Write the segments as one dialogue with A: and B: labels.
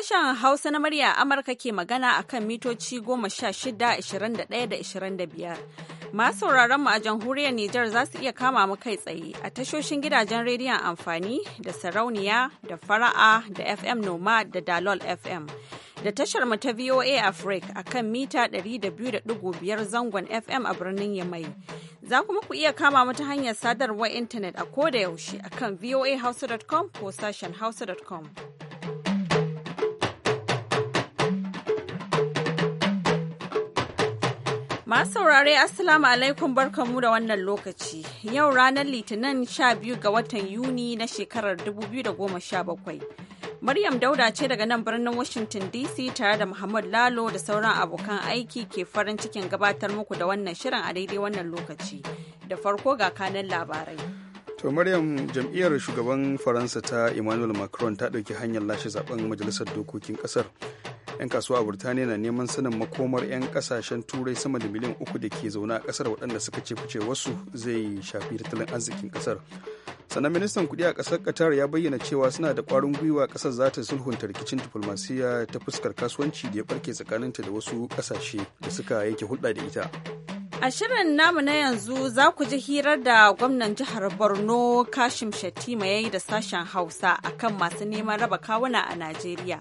A: Sashen Hausa na murya Amurka ke magana a kan mitoci 16, 21 da 25. Masu mu a jamhuriyar Nijar za su iya kama mu kai tsaye a tashoshin gidajen rediyon amfani da sarauniya da fara'a da FM Noma da Dalol FM. Da tashar mu ta VOA Africa a kan mita 200.5 zangon FM a birnin Yamai. Za kuma ku iya kama mu ta hanyar sadarwar intanet a koda yaushe a kan voahausa.com ko sashen hausa.com. Masu saurare Assalamu alaikum barkanmu da wannan lokaci. Yau ranar Litinin 12 ga watan Yuni na shekarar 2017. Maryam Dauda ce daga nan birnin Washington DC tare da Muhammad Lalo da sauran abokan aiki ke farin cikin gabatar muku da wannan shirin a daidai wannan lokaci. Da farko ga kanan labarai.
B: To Maryam jam'iyyar shugaban Faransa ta Emmanuel Macron ta ɗauki hanyar lashe zaben majalisar dokokin ƙasar. 'yan kasuwa a burtaniya na neman sanin makomar 'yan kasashen turai sama da miliyan uku da ke zaune a kasar waɗanda suka ce fice wasu zai shafi tattalin arzikin kasar sannan ministan kudi a kasar qatar ya bayyana cewa suna da kwarin gwiwa kasar za ta sulhunta rikicin diflomasiya ta fuskar kasuwanci da ya barke tsakaninta da wasu kasashe da suka yake hulɗa da ita
A: A shirin namu na yanzu za ku ji hirar da gwamnan jihar Borno Kashim Shettima ya yi da sashen Hausa akan masu neman raba kawuna a Najeriya.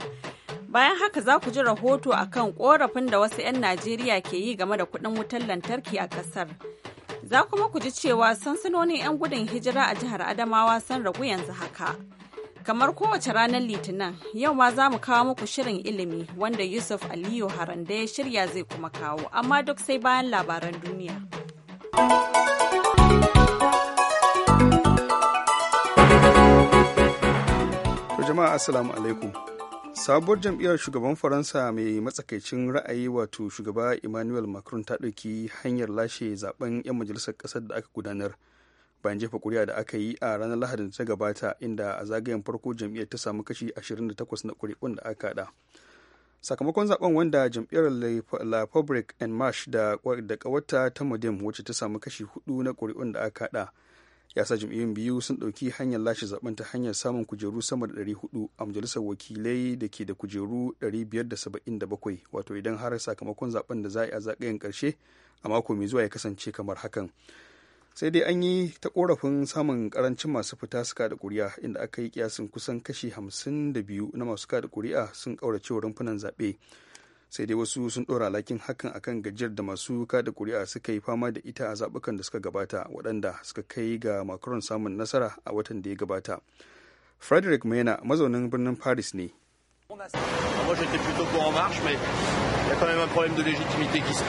A: Bayan haka za ku ji rahoto a kan korafin da wasu 'yan Najeriya ke yi game da kuɗin wutar lantarki a ƙasar. Za kuma ku ji cewa sansanonin 'yan gudun hijira a jihar Adamawa sun ragu yanzu haka. Kamar kowace ranar Litinin, yau ma za mu kawo muku shirin ilimi wanda Yusuf Aliyu Haranda ya shirya zai kuma kawo, amma duk sai bayan labaran duniya.
B: jama'a assalamu alaikum sabuwar jam'iyyar shugaban faransa mai matsakaicin ra'ayi wato shugaba emmanuel macron ta ɗauki hanyar lashe zaben 'yan majalisar ƙasar da aka gudanar bayan jefa kuri'a da aka yi a ranar lahadin da ta gabata inda a zagayen farko jam'iyyar ta samu kashi 28 na kuri'un da aka haɗa sakamakon zaben wanda jam'iyyar la fabric and marsh da kawarta ta modem wacce ta samu kashi 4 na kuri'un da aka haɗa ya sa jam'iyyun biyu sun ɗauki hanyar lashe zaben ta hanyar samun kujeru sama da 400 a majalisar wakilai da ke da kujeru 577 wato idan har sakamakon zaben da za a yi a zagayen ƙarshe a mako mai zuwa ya kasance kamar hakan sai dai an yi ta korafin samun karancin masu fita suka da kuri'a inda aka yi kiyasin kusan kashi 52 na masu kada kuri'a sun ƙaurace rumfunan zaɓe. sai dai wasu sun ɗora lakin hakan akan gajiyar da masu kada kuri'a suka yi fama da ita a zabukan da suka gabata waɗanda suka kai ga macron samun nasara a watan da ya gabata frederick mena mazaunin birnin paris ne
A: Moi j'étais plutôt pour En a
B: quand même un problème de légitimité qui se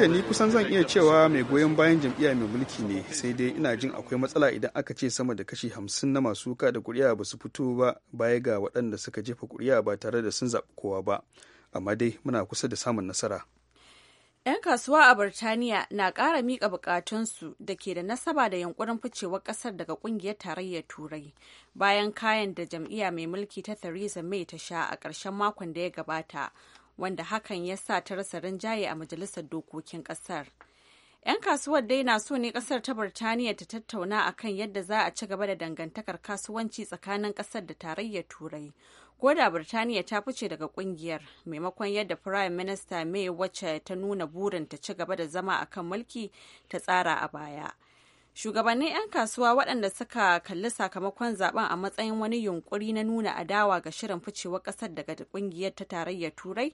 B: ya ni kusan zan iya cewa mai goyon bayan jam'iyya mai mulki ne sai dai ina jin akwai matsala idan aka ce sama da kashi hamsin na masu da kuri'a ba su fito ba baya ga waɗanda suka jefa kuri'a ba tare da sun zaɓi kowa ba amma dai muna kusa da samun nasara
A: 'Yan kasuwa a Birtaniya na ƙara miƙa buƙatunsu da ke da nasaba da yankurin ficewar ƙasar daga ƙungiyar tarayyar Turai bayan kayan da jam'iyya mai mulki ta Theresa May ta sha a ƙarshen makon da ya gabata wanda hakan ya sa ta rasa rinjaye a majalisar dokokin kasar. 'Yan kasuwar dai na so ne kasar ta Birtaniya ta tattauna akan yadda za a ci gaba da dangantakar kasuwanci tsakanin kasar da tarayyar Turai. Ko da Birtaniya ta fice daga kungiyar maimakon yadda Prime Minister May wacce ta nuna burin ta ci gaba da zama akan mulki ta tsara a baya. shugabannin 'yan kasuwa waɗanda suka kalli sakamakon zaben a matsayin wani yunkuri na nuna adawa ga shirin ficewar ƙasar daga ƙungiyar ta tarayyar turai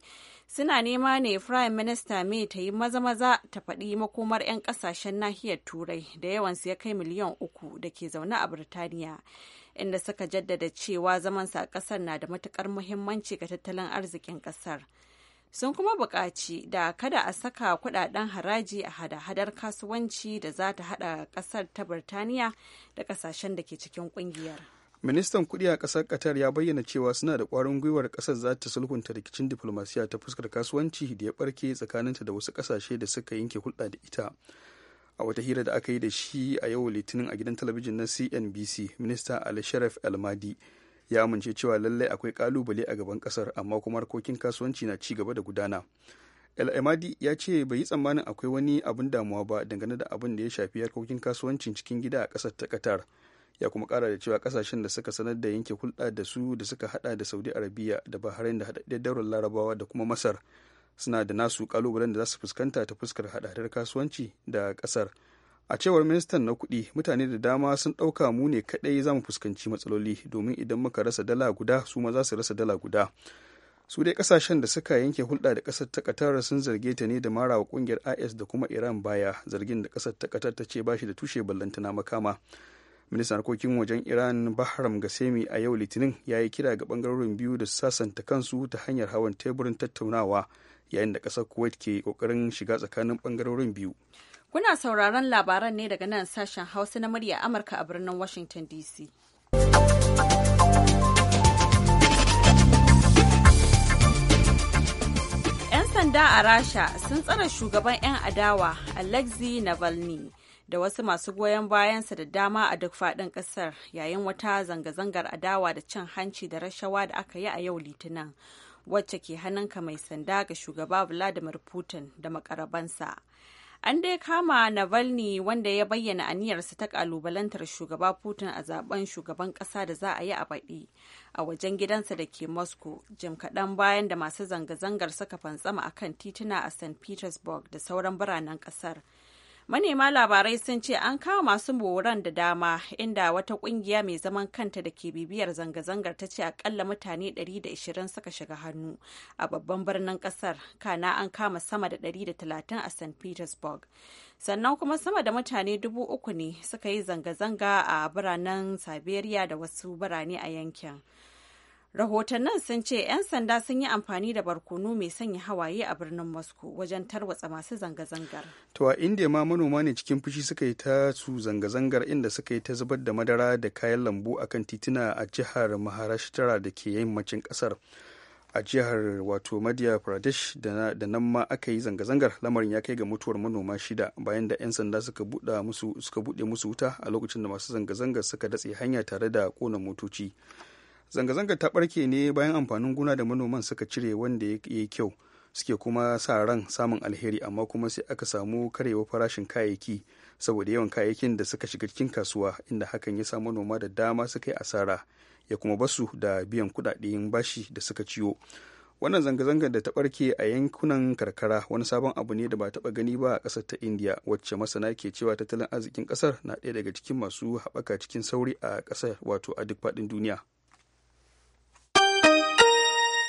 A: suna nema ne prime minister may ta yi maza-maza ta faɗi makomar 'yan ƙasashen nahiyar turai da yawansu ya kai miliyan uku da ke zaune a birtaniya inda suka jaddada cewa zamansa a ƙasar na da matuƙar muhimmanci ga tattalin arzikin ƙasar. sun kuma buƙaci da kada a saka kudaden haraji a hada-hadar kasuwanci da za ta hada ƙasar ta birtaniya da ƙasashen da ke cikin ƙungiyar
B: ministan kuɗi a ƙasar qatar ya bayyana cewa suna da ƙwarin gwiwar ƙasar za ta sulhunta rikicin diflomasiya ta fuskar kasuwanci da ya barke tsakaninta da wasu ƙasashe da suka yanke hulɗa da ita a wata hira da aka yi da shi a yau litinin a gidan talabijin na cnbc minista ali sharaf almadi ya amince cewa lallai akwai kalubale a gaban kasar amma kuma harkokin kasuwanci na ci gaba da gudana el amadi ya ce bai yi tsammanin akwai wani abin damuwa ba dangane da abin da ya shafi harkokin kasuwancin cikin gida a kasar ta qatar ya kuma kara da cewa kasashen da suka sanar da yanke hulɗa da su da suka hada da saudi arabia da bahrain da haɗaɗɗen daular larabawa da kuma masar suna da nasu kalubalen da za su fuskanta ta fuskar hada kasuwanci da kasar a cewar ministan na kuɗi mutane da dama sun ɗauka mu ne kaɗai za mu fuskanci matsaloli domin idan muka rasa dala guda su ma za su rasa dala guda su dai kasashen da suka yanke hulɗa da ƙasar ta katar sun zarge ta ne da mara wa ƙungiyar IS da kuma Iran baya zargin da ƙasar ta katar ta ce ba shi da tushe ballantana makama ministan harkokin wajen Iran Bahram Gasemi a yau Litinin ya yi kira ga bangarorin biyu da sasanta kansu ta hanyar hawan teburin tattaunawa yayin da ƙasar Kuwait ke ƙoƙarin shiga tsakanin bangarorin biyu
A: Kuna sauraron labaran ne daga nan sashen Hausa na murya Amurka a birnin Washington DC. ‘Yan sanda a Rasha sun tsara shugaban 'yan adawa Alexei Navalny da wasu masu goyon bayansa da dama a duk faɗin ƙasar yayin wata zanga-zangar adawa da cin hanci da rashawa da aka yi a yau Litinin, wacce ke hannunka mai sanda ga shugaba Vladimir Putin da makarabansa. An dai kama Navalny wanda ya bayyana aniyarsa ta kalubalantar shugaba Putin a zaben shugaban kasa da za a yi a baɗi a wajen gidansa da ke Moscow jim kaɗan bayan da masu zanga-zangar suka fantsama akan tituna a St. Petersburg da sauran biranen ƙasar. manema labarai sun ce an kawo masu boran da dama inda wata kungiya mai zaman kanta da ke bibiyar zanga-zangar ta ce akalla mutane 120 suka shiga hannu a babban birnin kasar kana an kama sama da 130 a st petersburg sannan kuma sama da mutane dubu uku ne suka yi zanga-zanga a biranen siberia da wasu birane a yankin rahotannin sun ce 'yan sanda sun yi amfani da barkono mai sanya hawaye a birnin moscow wajen tarwatsa masu zanga-zangar
B: to a india ma manoma ne cikin fushi suka yi ta su zanga-zangar inda suka yi ta zubar da madara da kayan lambu a kan titina a jihar maharashtra da ke yammacin kasar a jihar wato madhya pradesh da nan ma aka yi zanga-zangar lamarin ya kai ga mutuwar manoma shida bayan da 'yan sanda suka buɗe musu wuta a lokacin da masu zanga-zangar suka datse hanya tare da kona motoci zanga zanga ta barke ne bayan amfanin gona da manoman suka cire wanda ya yi kyau suke kuma sa ran samun alheri amma kuma sai aka samu karewa farashin kayayyaki saboda yawan kayayyakin da suka shiga cikin kasuwa inda hakan ya sa manoma da dama suka yi asara ya kuma basu da biyan kudaden bashi da suka ciwo wannan zanga-zangar da ta barke a yankunan karkara wani sabon abu ne da ba taba gani ba a kasar ta india wacce masana ke cewa tattalin arzikin kasar na ɗaya daga cikin masu haɓaka cikin sauri a kasar wato a duk faɗin duniya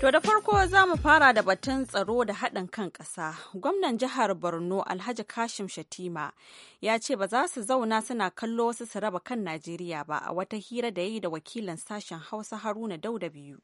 A: To da farko za mu fara da batun tsaro da haɗin kan ƙasa. Gwamnan jihar Borno Alhaji Kashim Shatima ya ce ba za su zauna suna kallo wasu su raba kan Najeriya ba a wata hira da ya yi da wakilan sashen Hausa Haruna Dauda biyu.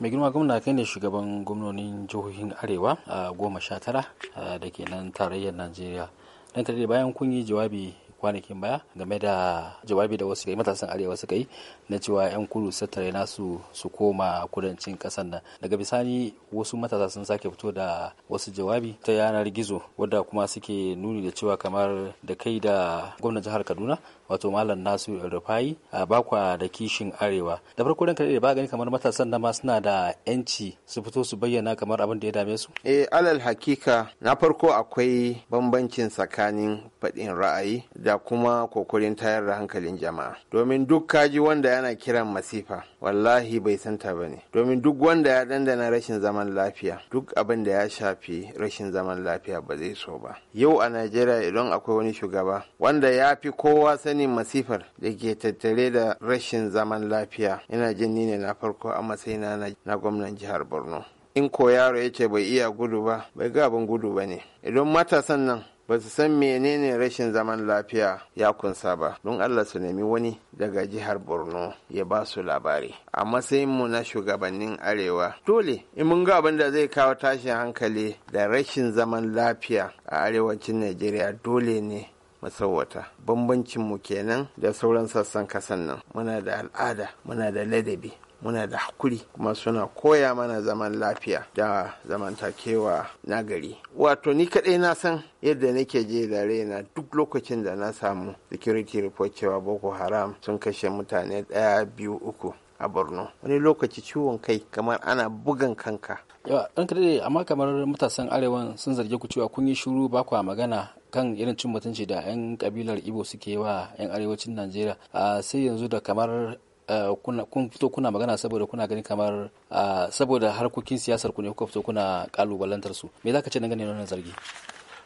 C: mai girma gwamna kai ne shugaban gwamnonin jihohin arewa a goma sha tara da ke nan tarayyar najeriya nan tare bayan kun yi jawabi kwanakin baya game da jawabi da wasu matasan arewa suka yi na cewa 'yan kudu sattare nasu su koma kudancin kasar nan daga bisani wasu matasa sun sake fito da wasu jawabi ta yanar gizo wadda kuma suke nuni da cewa kamar da kai da gwamnan jihar kaduna wato malam nasu rufai a bakwa da kishin arewa da farko dan kare ba gani kamar matasan nan ma suna da yanci su fito su bayyana kamar abin da ya dame su eh alal hakika
D: na farko akwai bambancin tsakanin faɗin ra'ayi da da kuma kokarin tayar da hankalin jama'a domin duk kaji wanda yana kiran masifa wallahi bai santa ba ne domin duk wanda ya dandana rashin zaman lafiya duk abin da ya shafi rashin zaman lafiya ba zai so ba yau a najeriya idan akwai wani shugaba wanda ya fi kowa sanin masifar da ke tattare da rashin zaman lafiya ina jin ni ne na farko a matsayina na gwamnan jihar borno in ko yaro ya ce bai iya gudu ba bai ga abin gudu ba ne idan matasan nan ba su san menene rashin zaman lafiya ya kunsa ba don allah su nemi wani daga jihar borno ya ba su labari a mu na shugabannin arewa dole in mun ga abin da zai kawo tashin hankali da rashin zaman lafiya a arewacin najeriya dole ne masauwata bambancinmu kenan da sauran sassan kasan nan muna da al'ada muna da ladabi muna da hakuri kuma suna koya mana zaman lafiya da zamantakewa na gari wato ni kadai na san yadda nake je da raina duk lokacin da na samu security report cewa boko haram sun kashe mutane ɗaya biyu uku a borno wani lokaci ciwon kai kamar ana bugan kanka
C: yawa ɗan kaɗai amma kamar matasan arewan sun zarge ku cewa kun yi shuru ba kwa magana kan irin cin mutunci da 'yan kabilar ibo suke wa 'yan arewacin najeriya ah, sai yanzu da kamar Eh, kun fito kuna magana saboda kuna gani kamar ah, saboda harkokin siyasar ku ne kuka fito kuna kalubalantar su me zaka ce na gane wannan zargi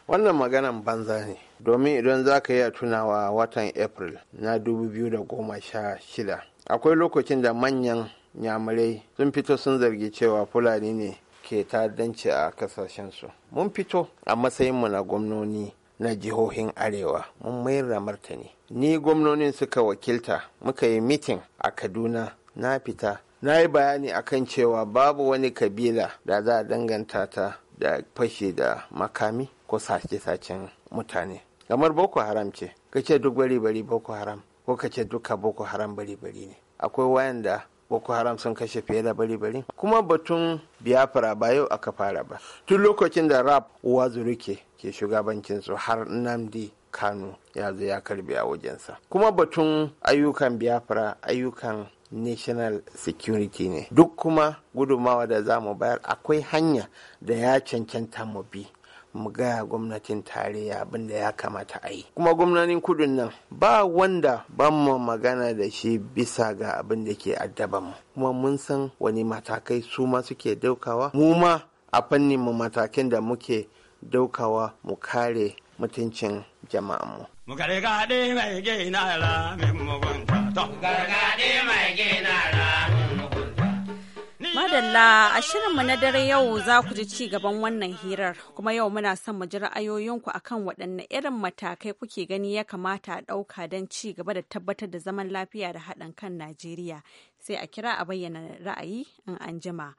D: wannan maganar banza ne domin idan za ka iya tunawa watan april na 2016 akwai lokacin da manyan nyamurai sun fito sun zargi cewa fulani ne ke ta'addanci a kasashensu mun fito a matsayinmu na gwamnoni na jihohin arewa mun mayar da martani ni gwamnonin suka wakilta muka yi mitin a kaduna na fita na yi bayani a kan cewa babu wani kabila da za a danganta ta da fashe da makami ko sace-sacen mutane kamar boko haram ce kace duk bari bari boko haram ko kace duka boko haram bari bari ne akwai wayanda boko haram sun kashe fiye da bari-bari kuma batun biafra ba yau aka fara ba tun lokacin da rap wazuruke ke shugabancinsu har namdi kano ya zo ya karbi a wajensa kuma batun ayyukan biafra ayyukan national security ne duk kuma gudumawa da za mu bayar akwai hanya da ya cancanta mu bi mu gaya gwamnatin tarayya abin da ya kamata a yi kuma gwamnanin kudin nan ba wanda ban mu magana da shi bisa ga abin da ke addaban mu kuma mun san wani matakai su ma suke daukawa mu ma a fannin mu matakin da muke daukawa mu kare mutuncin jama'anmu. Mu gargaɗe mai gina ra mai mugunta. Gargaɗe mai gina ra.
A: Madalla a shirinmu na dare yau za ku ji ci gaban wannan hirar kuma yau muna son mu ji ra'ayoyinku akan waɗanne irin matakai kuke gani ya kamata a ɗauka don ci gaba da tabbatar da zaman lafiya da haɗin kan Najeriya sai a kira a bayyana ra'ayi in an jima.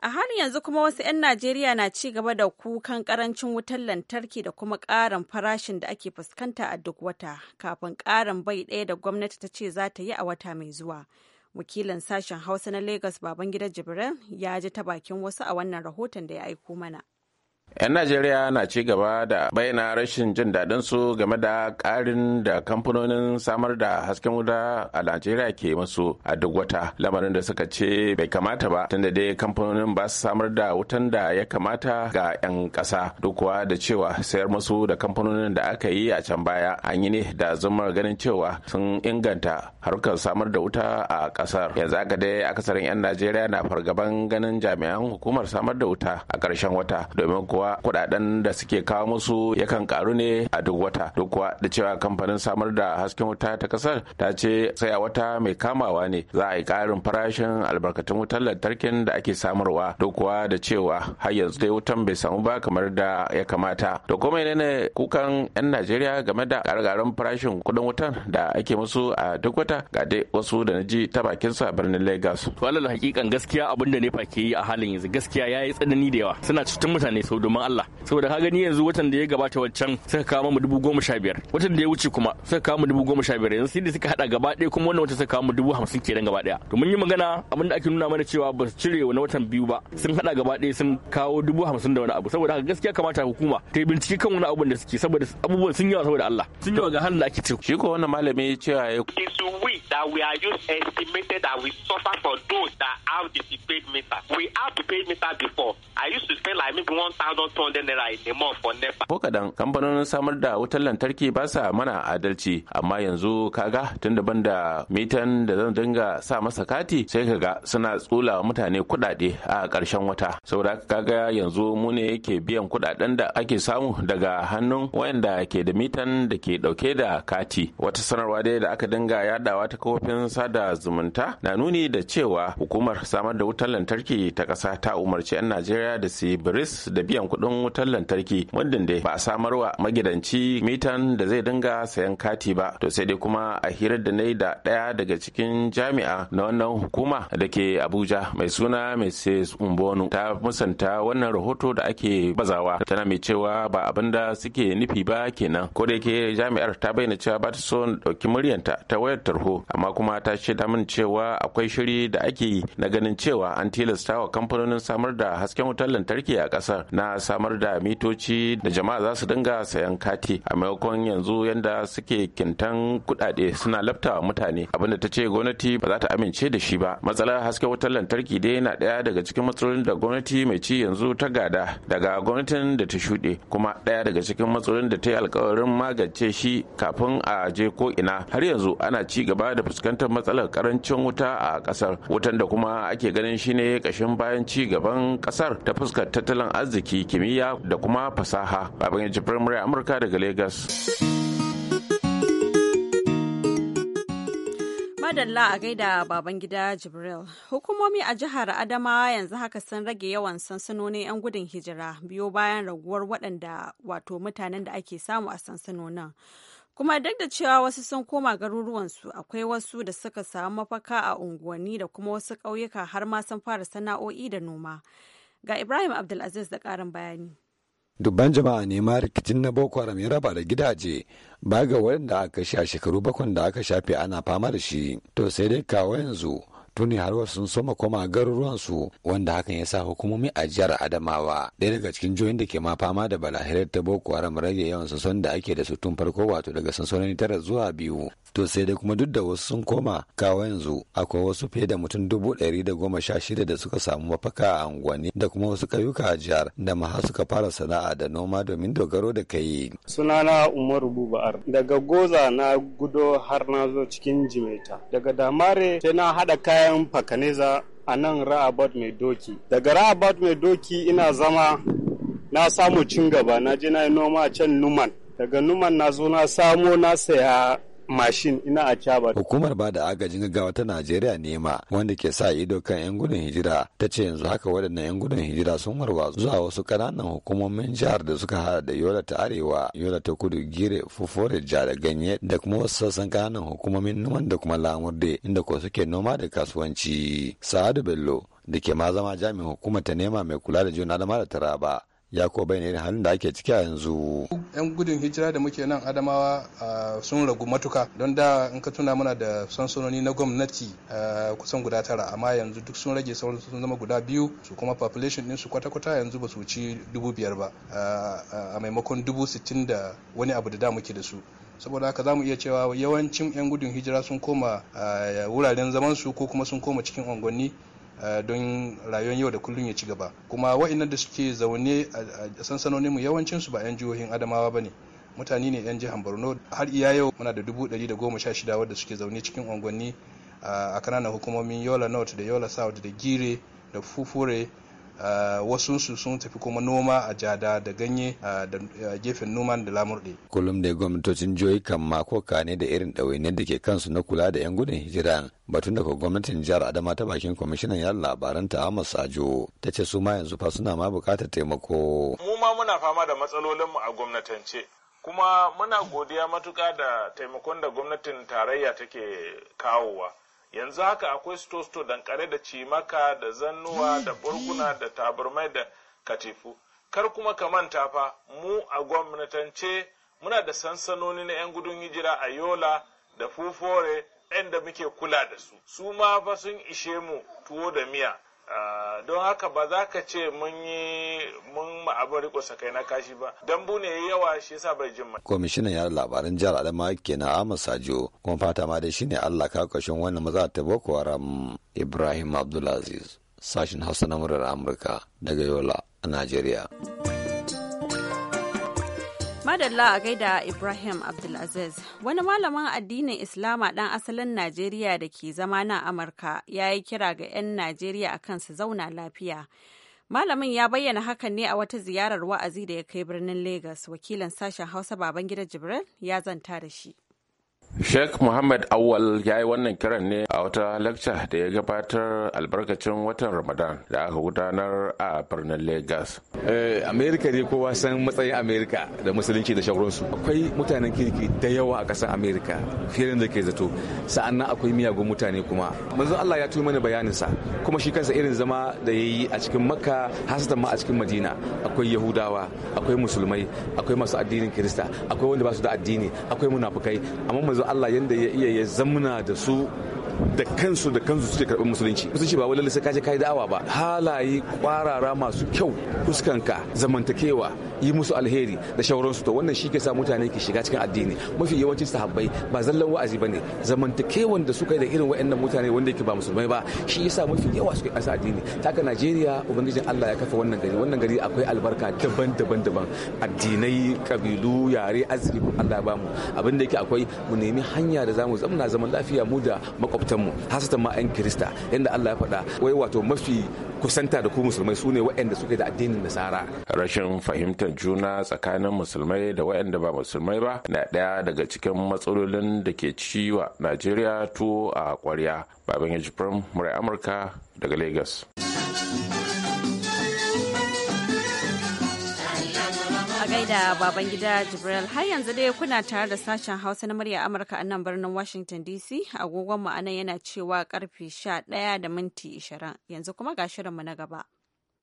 A: A halin yanzu kuma wasu 'yan Najeriya na ci gaba da kukan karancin wutar lantarki da kuma ƙarin farashin da ake fuskanta a duk wata kafin ƙarin bai ɗaya da gwamnati ta ce za ta yi a wata mai zuwa. wakilin sashen hausa na lagos babangida jibril ya ji ta bakin wasu a wannan rahoton da ya aiko mana
E: 'yan najeriya na ci gaba da bayyana rashin jin daɗin su game da ƙarin da kamfanonin samar da hasken wuta a najeriya ke masu a duk wata lamarin da suka ce bai kamata ba tunda dai kamfanonin ba su samar da wutan da ya kamata ga 'yan ƙasa duk kuwa da cewa sayar masu da kamfanonin da aka yi a can baya an yi ne da zuma ganin cewa sun inganta harkar samar da wuta a ƙasar yanzu aka dai akasarin 'yan najeriya na fargaban ganin jami'an hukumar samar da wuta a ƙarshen wata domin kuwa kuwa kudaden da suke kawo musu yakan karu ne a duk wata duk kuwa da cewa kamfanin samar da hasken wuta ta kasar ta ce sai wata mai kamawa ne za a yi karin farashin albarkatun wutar lantarkin da ake samarwa duk kuwa da cewa har yanzu dai wutan bai samu ba kamar da ya kamata to kuma ne kukan yan najeriya game da gargaren farashin kudin wutan da ake musu a duk wata ga dai wasu da na ji ta bakinsa a birnin lagos to alal hakikan gaskiya abin da fa ke yi a halin yanzu gaskiya ya yi tsanani da yawa suna cutun mutane sau domin Allah saboda ka gani yanzu watan da ya gabata waccan suka kawo mu dubu goma sha biyar watan da ya wuce kuma suka kawo mu dubu goma sha biyar yanzu sai da suka hada gaba ɗaya kuma wannan watan suka kawo mu dubu hamsin kenan gaba ɗaya to mun yi magana abin da ake nuna mana cewa ba su cire wani watan biyu ba sun hada gaba ɗaya sun kawo dubu hamsin da wani abu saboda haka gaskiya kamata hukuma ta yi bincike kan wani abubuwan da suke saboda abubuwan sun yawa saboda Allah sun yawa ga halin da ake ciki shi ko wannan malami ya ce
F: is that we are just estimated that we suffer for those that have the paid meter we have the paid meter before i used to spend like maybe 1000
E: Ko kaɗan kamfanonin samar da wutar lantarki ba sa mana adalci amma yanzu kaga tun daban da mitan da zan dinga sa masa kati sai kaga suna tsula mutane kuɗaɗe a karshen wata. Saboda kaga yanzu mu ne yake biyan kuɗaɗen da ake samu daga hannun wayanda ke da mitan da ke ɗauke da kati. Wata sanarwa dai da aka dinga yadawa ta kofin sada zumunta na nuni da cewa hukumar samar da wutar lantarki ta ƙasa ta umarci 'yan Najeriya da su biris da biyan kuɗin wutar lantarki muddin dai ba a samar wa magidanci mitan da zai dinga sayan kati ba to sai dai kuma a hirar da na yi da ɗaya daga cikin jami'a na wannan hukuma da ke abuja mai suna mrs umbonu ta musanta wannan rahoto da ake bazawa tana mai cewa ba abin da suke nufi ba kenan ko da ke jami'ar ta bayyana cewa ba ta so ɗauki muryanta ta wayar tarho amma kuma ta ta min cewa akwai shiri da ake yi na ganin cewa an tilasta wa kamfanonin samar da hasken wutar lantarki a ƙasar na samar da mitoci da jama'a za su dinga sayan kati a maimakon yanzu yanda suke kintan kudade suna laftawa mutane abinda ta ce gwamnati ba za ta amince da shi ba matsalar hasken wutar lantarki dai na daya daga cikin matsalolin da gwamnati mai ci yanzu ta gada daga gwamnatin da ta shuɗe kuma daya daga cikin matsalolin da ta yi alkawarin magance shi kafin a je ko ina har yanzu ana ci gaba da fuskantar matsalar karancin wuta a kasar wutan da kuma ake ganin shine kashin bayan ci gaban ƙasar ta fuskar tattalin arziki kimiyya da kuma fasaha babin yaji firamare amurka daga lagos
A: madalla a gaida baban gida jibril hukumomi a jihar adamawa yanzu haka sun rage yawan sansanonin 'yan gudun hijira biyo bayan raguwar waɗanda wato mutanen da ake samu a sansanonin kuma duk da cewa wasu sun koma garuruwansu akwai wasu da suka samu mafaka a unguwanni da kuma wasu ƙauyuka har ma sun fara sana'o'i da noma Ga Ibrahim Abdulaziz da ƙarin bayani.
G: dubban jama'a ne ma rikicin na boko haram ya raba da gidaje ba ga waɗanda aka shi a shekaru bakwai da aka shafe ana fama da shi to sai dai kawo yanzu tuni har sun soma koma garuruwansu wanda hakan ya sa hukumomi a jihar adamawa ɗaya daga cikin jihohin da ke ma fama da balahirar ta boko haram rage yawan sanson da ake da su tun farko wato daga sansanoni tara zuwa biyu to sai dai kuma duk da wasu sun koma kawo yanzu akwai wasu fiye da mutum dubu ɗari da goma sha shida da suka samu mafaka a unguwanni da kuma wasu ƙauyuka a jihar da maha suka fara sana'a da noma domin dogaro da kai.
B: sunana umaru buba'ar daga goza na gudo har na zo cikin jimeta daga damare sai na haɗa kayan bayan fakaneza a nan ra'abat mai doki daga ra'abat mai doki ina zama na samu cin gaba na je na yi noma a can numan daga numan na zo na samo na
G: saya mashin ina a caba. Hukumar ba da agajin gaggawa ta Najeriya nema wanda ke sa ido kan 'yan gudun hijira ta ce yanzu haka waɗannan 'yan gudun hijira sun warwa zuwa wasu ƙananan hukumomin jihar da suka hada da Yola ta Arewa, Yola ta Kudu, Gire, Fufore, da Ganye da kuma wasu sassan ƙananan hukumomin numan da kuma Lamurde inda ko suke noma da kasuwanci. Sa'adu Bello da ke ma zama jami'in hukumar ta nema mai kula da juna da mara taraba ya ko bai ne halin da ake ciki a yanzu.
H: yan gudun hijira da muke nan adamawa sun ragu matuka don da in ka tuna muna da sansanoni na gwamnati kusan guda tara amma yanzu duk sun rage sauran sun zama guda biyu su kuma population din su kwata-kwata yanzu ba su ci dubu biyar ba a maimakon dubu sittin da wani abu da da muke da su saboda haka za mu iya cewa yawancin 'yan gudun hijira sun koma wuraren zaman su ko kuma sun koma cikin unguwanni Eh, don rayuwar yau da kullum ya ci gaba kuma wa'annan da suke zaune a sansanoninmu yawancinsu ba 'yan jihohin adamawa ba ne mutane ne 'yan jihar borno har iya yau muna da dubu ɗari da goma sha shida wadda suke zaune cikin unguwanni a kananan hukumomin yola north da yola south da gire da fufure Eh, wasu su sun tafi kuma noma a jada da ganye eh, da eh, gefen noma da lamurɗe.
G: kullum da gwamnatocin jihohi kan mako kane da irin ɗawainiyar da ke kansu na kula da 'yan gudun hijira batun da gwamnatin jihar adama ta bakin kwamishinan yan labaran ta amma sajo ta ce su ma yanzu fa suna ma buƙatar taimako.
E: mu ma muna fama da matsalolinmu a gwamnatance kuma muna godiya matuƙa da taimakon da gwamnatin tarayya take kawowa yanzu haka akwai sto-sto dankare da cimaka da zannuwa da burguna da taburmai da katifu kar kuma ka manta fa mu a gwamnatance muna da sansanoni na 'yan gudun hijira a yola da fufore da muke kula da su su ma fa sun ishe mu tuwo da miya Ah, don haka ba za ka ce mun yi mun abin riko sakai na kashi ba dambu ne yawa shi yasa bai jin mai
G: kwamishinan yara labarin jihar adama na amur sajo kuma fata ma dai shine allah ka kashin wannan maza ta boko haram ibrahim abdulaziz sashin hausa na murar amurka daga yola a najeriya
A: Madalla a gaida Ibrahim Abdulaziz, wani malamin addinin Islama ɗan asalin Najeriya da ke zama na Amurka ya yi kira ga 'yan Najeriya kan su zauna lafiya. Malamin ya bayyana hakan ne a wata ziyarar wa'azi da ya kai birnin Legas, wakilin sashen Hausa Babangida Jibril ya zanta da shi.
E: Sheikh Muhammad Awal ya yi wannan kiran ne a wata lakca da ya gabatar albarkacin watan
I: Ramadan da aka gudanar a birnin Lagos. Eh, Amerika ne kowa san matsayin Amerika da musulunci da shauransu. Akwai mutanen kirki da yawa a kasar Amerika fiye da ke zato. Sa'annan akwai miyagun mutane kuma. Manzon Allah ya tuyi mana bayanin sa, kuma shi kansa irin zama da ya yi a cikin Makka hasatan ma a cikin Madina. Akwai Yahudawa, akwai Musulmai, akwai masu addinin Kirista, akwai wanda ba su da addini, akwai munafukai. Amma yanzu Allah yanda ya iya ya zamuna da su da kansu da kansu suke karɓar musulunci musulunci ba wani sai ka je kai da'awa ba halaye kwarara masu kyau fuskanka zamantakewa yi musu alheri da shauransu to wannan shi ke sa mutane ke shiga cikin addini mafi yawancin sahabbai ba zallan wa'azi ne zamantakewan da suka yi da irin wa'annan mutane wanda yake ba musulmai ba shi sa mafi yawa suka yi addini ta taka Najeriya ubangijin Allah ya kafa wannan gari wannan gari akwai albarka daban-daban daban addinai kabilu yare arziki Allah bamu abin da yake akwai mu nemi hanya da zamu zamna zaman lafiya mu da makwabtanmu hasatan ma 'yan Kirista yadda Allah ya faɗa wai wato mafi kusanta da ku musulmai su ne waɗanda suke da addinin nasara rashin fahimtar juna
E: tsakanin musulmai da waɗanda ba musulmai ba na ɗaya daga cikin matsalolin da ke ciwa najeriya tuwo a kwarya baban ya murai amurka daga lagos
A: da baban gida Jibril har yanzu dai kuna tare da sashen Hausa na murya Amurka a nan birnin Washington DC agogon mu anan yana cewa karfe 11 da minti 20 yanzu kuma ga shirinmu na gaba.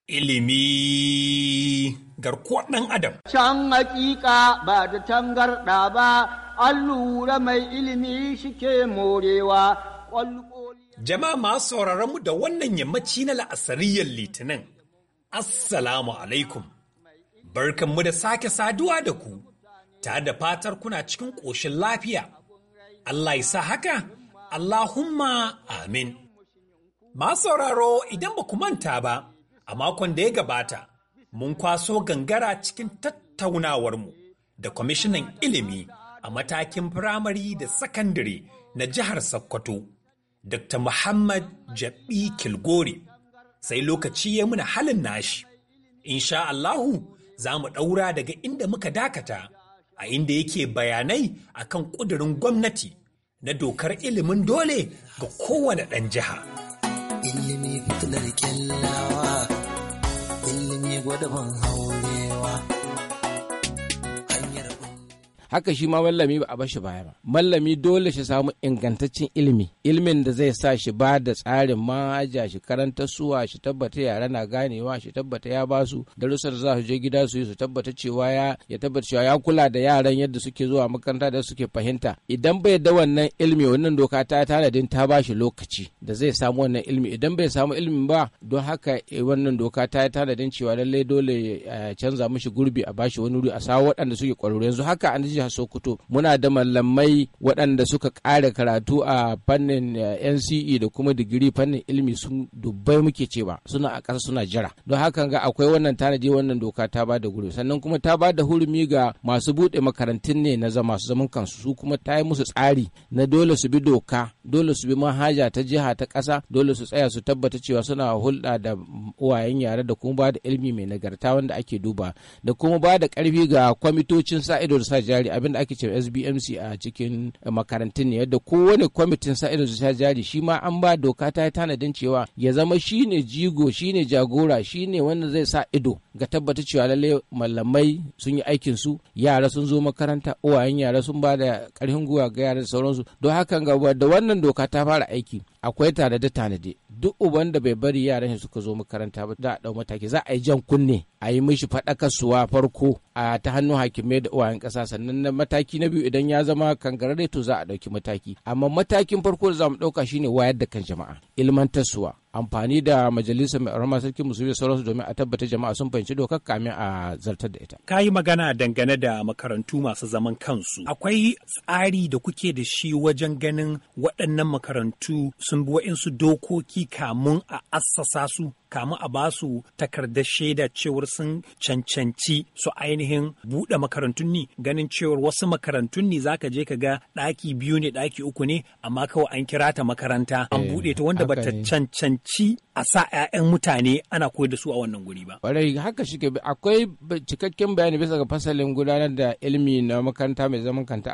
F: Ilimi garkuwar ɗan Adam.
A: Can hakika ba da tangarɗa ba, allura mai ilimi
F: shike morewa. Jama'a masu sauraron mu da wannan yammaci na la'asariyar Litinin. Assalamu alaikum. Barkanmu da sake saduwa da ku, ta da fatar kuna cikin ƙoshin lafiya. Allah ya sa haka, Allahumma amin. Masu sauraro idan ba ku manta ba, a makon da ya gabata, mun kwaso gangara cikin tattaunawarmu da kwamishinan ilimi a matakin Firamari da sakandare na jihar Sokoto, Dr. Muhammad Jabi Kilgore, sai lokaci ya muna halin nashi. Insha Allahu, za mu ɗaura daga inda muka dakata a inda yake bayanai a kan ƙudurin gwamnati na dokar ilimin dole ga kowane ɗan jiha. Ilimi fitilar
G: kyallawa, ilimi gwadaban haurewa.
J: Haka shi ma mallami ba a bashi baya ba. Mallami dole shi samu ingantaccen ilimi. ilmin da zai sa shi ba da tsarin manhaja shi karanta suwa shi tabbata yara na ganewa shi tabbata ya ba su darussan za su je gida su yi su tabbata cewa ya ya tabbata cewa ya kula da yaran yadda suke zuwa makaranta da suke fahimta idan bai da wannan ilmi wannan doka ta tanadin ta ba shi lokaci da zai samu wannan ilmi idan bai samu ilmin ba don haka eh, wannan doka ta tanadin cewa lallai dole eh, canza mishi gurbi a bashi wani wuri a sawo waɗanda suke kwararru yanzu haka an jihar Sokoto muna da mallamai waɗanda suka kare karatu a fannin fannin eh, NCE da kuma digiri fannin ilimi sun dubbai muke cewa suna a ƙasa suna jira don haka ga akwai wannan tanadi wannan doka ta ba da guri sannan kuma ta ba da hurumi ga masu buɗe makarantun ne na zama su zaman kansu su kuma ta yi musu tsari na dole su bi doka dole su bi manhaja ta jiha ta ƙasa dole su tsaya su tabbata cewa suna hulɗa da uwayen yare da kuma ba da ilimi mai nagarta wanda ake duba da kuma ba da ƙarfi ga kwamitocin sa da sa jari abinda ake cewa SBMC a cikin eh, makarantun ne yadda kowane kwamitin sa su sa jari shi ma an ba doka ta yi tanadin cewa ya zama shi ne jigo shi ne jagora shi ne wanda zai sa ido ga tabbata cewa lalle mallamai sun yi aikin su yara sun zo makaranta uwayen yara sun ba da karfin gwiwa ga yara da sauransu don hakan ga da wannan doka ta fara aiki akwai da tanadi duk uban da bai bari yaran shi suka zo makaranta ba za a dau mataki za a yi jan kunne a yi mishi suwa farko a ta hannu hakimai da uwayen kasa sannan na mataki na biyu idan ya zama kangarare to za a ɗauki mataki amma matakin farko da za mu ɗauka shine wayar da kan jama'a ilmantarsuwa amfani da majalisar
F: rama sarki musulmi sauransu domin a tabbata jama'a sun fahimci dokar kamin a zartar da ita. kayi magana dangane da makarantu masu zaman kansu. Akwai tsari da kuke da shi wajen ganin waɗannan makarantu sun bi waɗansu dokoki kamun a assasa su? kamu a basu takardar shaida cewar sun cancanci su ainihin buɗe makarantun ni ganin cewar wasu makarantun za ka je ka ga ɗaki biyu ne ɗaki uku ne amma kawai an kira ta makaranta an eh, buɗe ta wanda bata cancanci a sa 'ya'yan mutane ana koyar da su a wannan guri ba. Kwarai haka shike akwai cikakken bayani bisa ga fasalin
J: gudanar da ilimi na makaranta mai zaman kanta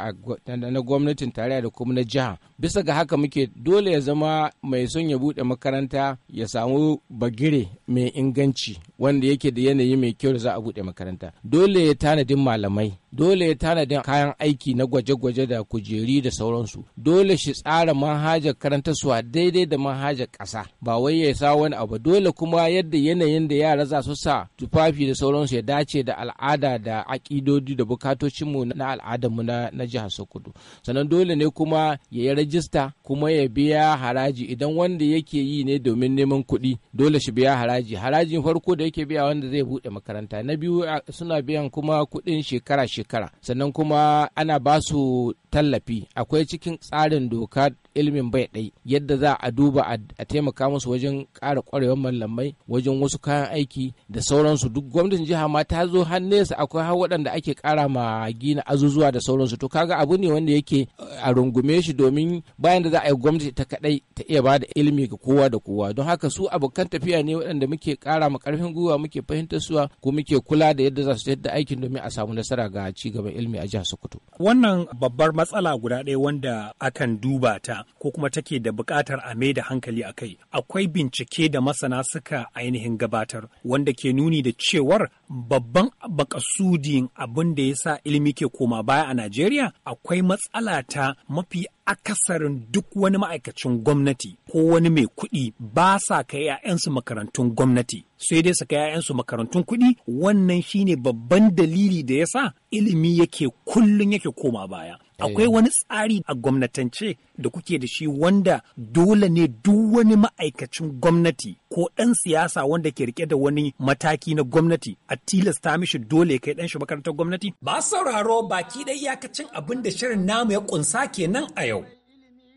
J: na gwamnatin tarayya da kuma na jiha. Bisa ga haka muke dole ya zama mai son ya buɗe makaranta ya samu bagire mai inganci wanda yake da yanayi mai kyau da za a bude makaranta dole ya tanadin malamai dole ya tanadin kayan aiki na gwaje-gwaje da kujeri da sauransu dole shi tsara manhajar karantarsuwa daidai da manhajar ƙasa ba wai ya sa wani abu dole kuma yadda yanayin da yara za su sa tufafi da sauransu ya dace da al'ada da aƙidodi da bukatocinmu na al'adarmu na jihar sokoto sannan dole ne kuma ya yi rajista kuma ya biya haraji idan wanda yake yi ne domin neman kuɗi dole shi biya haraji harajin farko da yake biya wanda zai buɗe makaranta na biyu suna biyan kuma kuɗin shekara-shekara sannan kuma ana ba su tallafi akwai cikin tsarin doka ilimin bai ɗai yadda za a duba a taimaka musu wajen ƙara ƙwarewar mallamai wajen wasu kayan aiki da sauransu duk gwamnatin jiha ma ta zo har nesa akwai har waɗanda ake ƙara ma gina azuzuwa da sauransu to kaga abu ne wanda yake a rungume shi domin bayan da za a yi gwamnati ta kaɗai ta iya ba da ilimi ga kowa da kowa don haka su abokan tafiya ne waɗanda muke ƙara ma ƙarfin gwiwa muke fahimtar suwa ko muke kula da yadda za su yadda aikin domin a samu
F: nasara ga ci gaban ilimi a jihar Sokoto. Wannan babbar matsala guda ɗaya wanda akan duba ta ko kuma take da buƙatar a mai da hankali a kai. Akwai bincike da masana suka ainihin gabatar wanda ke nuni da cewar babban makasudin abin da ya sa ilimi ke koma baya a Najeriya akwai matsala ta mafi akasarin duk wani ma'aikacin gwamnati ko wani mai kuɗi ba sa kai 'ya'yansu makarantun gwamnati sai dai su ka 'ya'yansu makarantun kuɗi wannan shine babban dalili da ya sa ilimi yake kullum yake koma baya Akwai wani tsari a gwamnatance da kuke da shi wanda dole ne duk wani ma'aikacin gwamnati ko ɗan siyasa wanda ke rike da wani mataki na gwamnati a tilasta mishi dole kai ɗan shi makarantar gwamnati? Ba sauraro baki ɗaya iyakacin abin da shirin namu ya ƙunsa kenan a yau.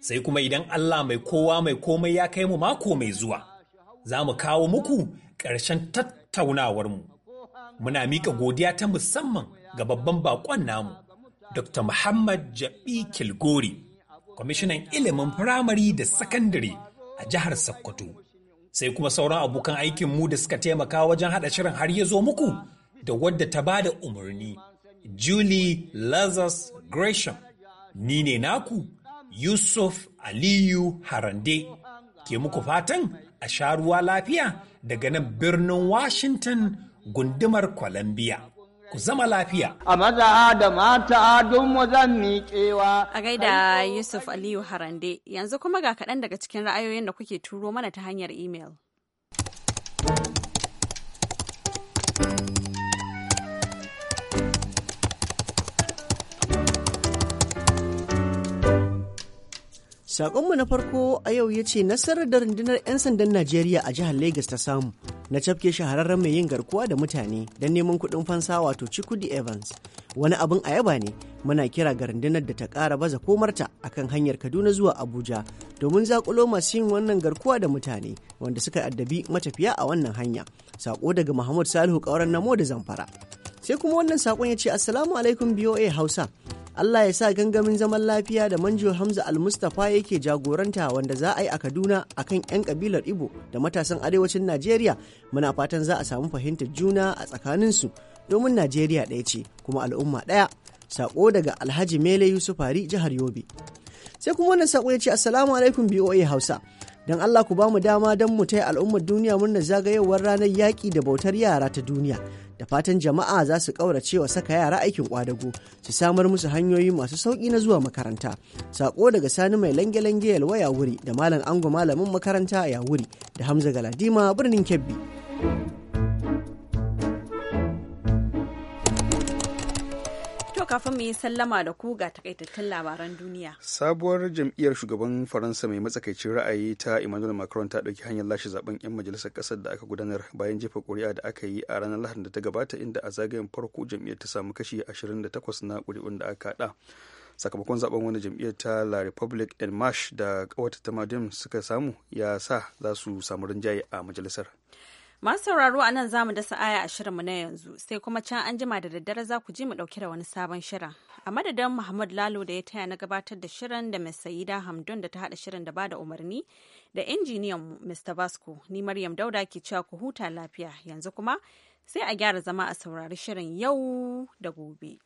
F: Sai kuma idan Allah mai kowa mai komai ya kai mu mako mai zuwa, za mu kawo muku ƙarshen tattaunawarmu. Muna mika godiya ta musamman ga babban baƙon namu. Dr. Muhammad Jabi Kilgori, kwamishinan ilimin Firamari da sakandare a jihar Sokoto. Sai kuma sauran abokan aikin mu da suka taimaka wajen haɗa shirin har ya zo muku da wadda ta ba da umarni. Julie Lazarus Gresham, ni ne naku Yusuf Aliyu Harande, ke muku fatan a sha ruwa lafiya daga nan birnin Washington gundumar Columbia. ku zama lafiya. A maza da mata don mu zan
A: miƙewa. A gaida Yusuf Aliyu Harande, yanzu kuma ga kaɗan daga cikin ra'ayoyin da kuke turo mana ta hanyar imel.
K: Saƙonmu na farko a yau ya ce nasarar da rundunar 'yan sandan Najeriya a jihar Legas ta samu na cafke shahararren mai yin garkuwa da mutane don neman kuɗin fansa wato Chikudi Evans. Wani abin a yaba ne muna kira ga rundunar da ta ƙara baza komarta a kan hanyar Kaduna zuwa Abuja domin zakulo masu yin wannan garkuwa da mutane wanda suka addabi matafiya a wannan hanya. Sako daga Muhammad Salihu ƙauren Namo da Zamfara. Sai kuma wannan sakon ya ce Assalamu alaikum BOA Hausa. Allah ya sa gangamin zaman lafiya da manjo Hamza Al-Mustapha yake jagoranta wanda za a yi a Kaduna akan 'yan kabilar Ibo da matasan arewacin Najeriya muna fatan za a samu fahimtar juna a tsakaninsu domin Najeriya ɗaya ce kuma al'umma ɗaya. Sako daga Alhaji Mele Yusuf Yusufari jihar Yobe. Sai kuma wannan sako ya ce Assalamu alaikum BOA Hausa. don Allah ku ba mu dama don mu taya al'ummar duniya murnar zagayowar ranar yaƙi da bautar yara ta duniya da fatan jama'a za su ƙaurace wa saka yara aikin ƙwadago su samar musu hanyoyi masu sauƙi na zuwa makaranta saƙo daga sani mai lange-lange yalwa ya wuri da malam ango malamin makaranta ya wuri da hamza galadima birnin kebbi
A: kafin mu yi sallama da ku ga takaitattun labaran duniya.
B: Sabuwar jam'iyyar shugaban Faransa mai matsakaicin ra'ayi ta Emmanuel Macron ta ɗauki hanyar lashe zaben 'yan majalisar ƙasar da aka gudanar bayan jefa ƙuri'a da aka yi a ranar Lahadi da ta gabata inda a zagayen farko jam'iyyar ta samu kashi 28 na ƙuri'un da aka haɗa. Sakamakon zaben wani jam'iyyar ta La Republic en Marche da ƙawata ta madim suka samu ya sa za su samu rinjaye a majalisar.
A: Masu sauraro a nan zamu dasa aya a shirinmu na yanzu sai kuma can an jima da daddare za ku ji mu ɗauki da wani sabon shirin. A madadin Muhammad Lalo da ya taya na gabatar da shirin da Ms. Sayida Hamdun da ta haɗa shirin da bada umarni da injiniyan Mr. Vasco ni Maryam Dauda ke cewa ku huta lafiya yanzu kuma sai a gyara zama a saurari shirin yau da gobe.